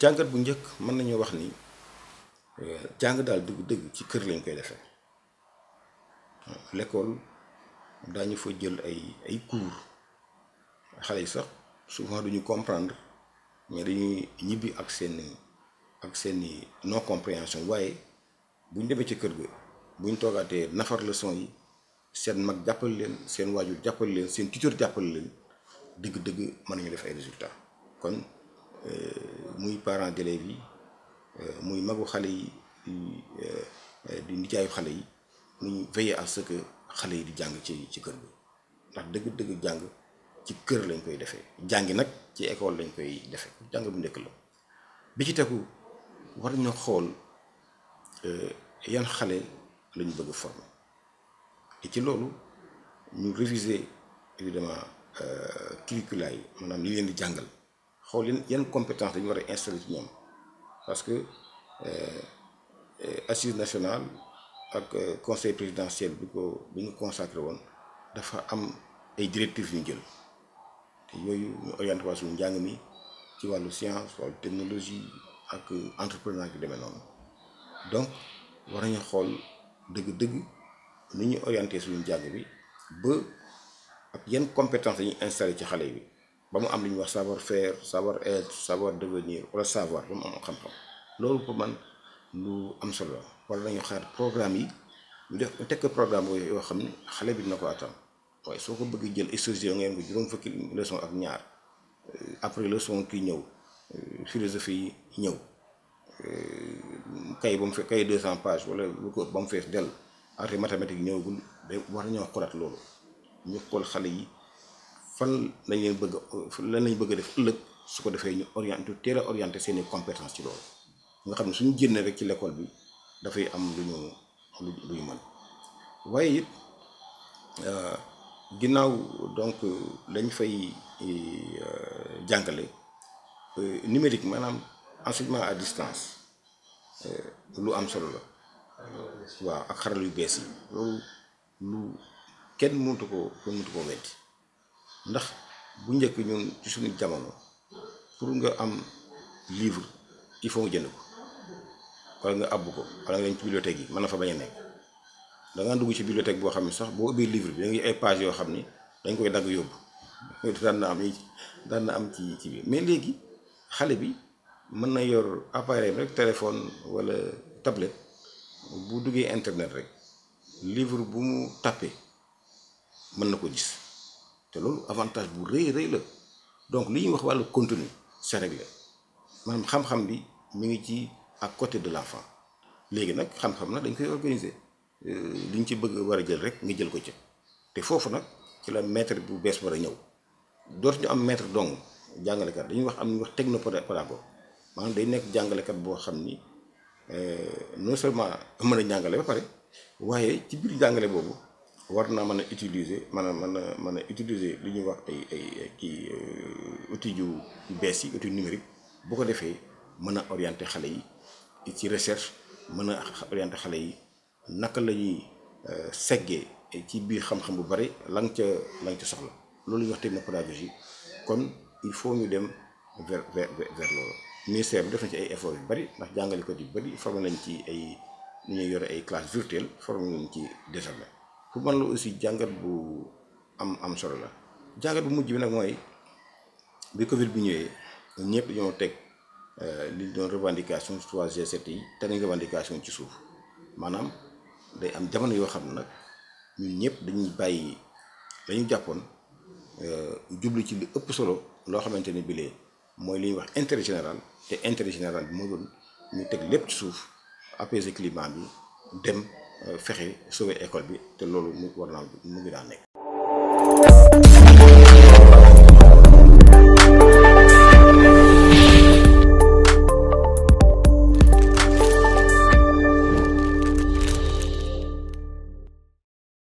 jàngat bu njëkk mën nañoo wax ni euh, jàng daal dëgg-dëgg ci kër lañ koy defee lekkool daañu fa jël ay ay cours xale yi sax souvent duñu comprendre mais dañuy ñibbi ak seen ak seen i non compréhension waaye buñ demee ci kër gi buñ toogaatee nafar leçon yi seen mag jàppal leen seen waajur jàppal leen seen tuteur jàppal leen dëgg-dëgg mën nañu def ay résultats kon. Euh, muy parents d'élèves yi euh, muy magu xale yi euh, di nijaayu xale yi ñu veiller à xale yi di jàng ci ci kër bi ndax dëgg-dëgg jàng ci kër lañ koy defee jàngi nag ci école lañ koy defee jàng bu nekk la bi ci tegu war nañoo xool yan xale lañ bëgg former te ci loolu ñu réviser évidemment curricula yi maanaam li leen di jàngal. xool yan compétence dañu war a installé ci ñoom parce que euh, euh, assise nationale ak euh, conseil présidentiel bi ko bi ñu consacré woon dafa am ay directives yu jël te yooyu ñu orienté waa suñu njàng ci wàllu science wàllu technologie ak entrepreneur yu demee noonu donc war nañu xool dëgg-dëgg ni ñu orienté suñu njàng bi ba ak yan compétence dañuy installé ci xale yi ba mu am li ñuy wax savoir faire savoir être savoir devenir wala savoir ba mu am xam-xam loolu pour man lu am solo wala nañu xaar programme yi ñu def ñu tekk programme boobu yoo xam ne xale bi dina ko attan waaye soo ko bëggee jël exposition ngeen ko juróom fukki leçon ak ñaar euh, après leçon kii ñëw euh, philosophie yi ñëw euh, kay ba mu fe kay deux cent pages wala lu ko ba mu fees dell après mathématique ñëwagul day war nañoo xoolaat loolu ñu xool xale yi. fan lañ leen bëgg lan lañu bëgg a def ëllëg su ko defee ñu orienté teel a orienté seeni compétence ci loolu nga xam ne suñu génnee rek ci l'école bi dafay am lu ñu lu ñu waaye it euh, ginnaaw donc lañ fay euh, jàngale euh, numérique maanaam enseignement à distance lu am solo la waaw ak xaral yu bees yi loolu lu kenn mëntu ko kenn mëntu ko weddi ndax bu njëkk ñun ci suñu jamono pour nga am livre il faut nga jënd ko wala nga àbb ko wala nga dem ci bibliothèque yi mën na fa bañ a nekk da dugg ci bibliothèque boo xam ne sax boo ubbee livre bi da ay page yoo xam ni dañ koy dagg yóbbu daan na am daan na am ci ci bi mais léegi xale bi mën na yor appareil rek téléphone wala tablette bu duggee internet rek livre bu mu tàppee mën na ko gis. te loolu avantage bu rëy rëy la donc li ñuy wax wàllu contenu c'est réglé maanaam xam-xam bi mu ngi ci ak côté de l'enfant léegi nag xam-xam nag dañ koy organiser euh, li ñu ci bëgg war a jël rek nga jël ko ci te foofu nag ci la maître bu bees war a ñëw dootuñu am maître dong jàngalekat dañuy wax am ñuy wax technopedagogue maanaam day nekk jàngalekat boo xam ni euh, non seulement mën a jàngale ba pare waaye ci biir jàngale boobu. war naa mën a utiliser mën a mën a mën a utiliser li ñuy wax ay ay kii euh, outils yu bees yi outils numérique bu ko defee mën a orienter xale yi ci recherche mën a orienter xale yi naka la ñuy euh, seggee ci biir xam-xam bu bari la nga ca la nga ca soxla loolu ñuy wax technopédagogie kon il faut ñu dem vers vers vers loolu ministère bi def na ci ay efforts yu bari ndax jàngalekat yu bari formé nañ ci ay ñu ñuy yore ay classes virtuelles formé nañ ci désormais pour man la aussi jàngat bu am am solo la jàngat bu mujj bi nag mooy bi Covid bi ñëwee ñëpp dañoo teg euh, li doon revendication 3G7 yi te revendication ci suuf maanaam day am jamono yoo xam nag ñun ñëpp dañuy bàyyi dañu jàppoon euh, jublu ci li ëpp solo loo xamante ni bilee mooy li ñuy wax intérêt général te inter général bi moo doon ñu teg lépp ci suuf apaiser climat bi dem. fexe sauver école bi te loolu mu war naa mu ngi daan nekk.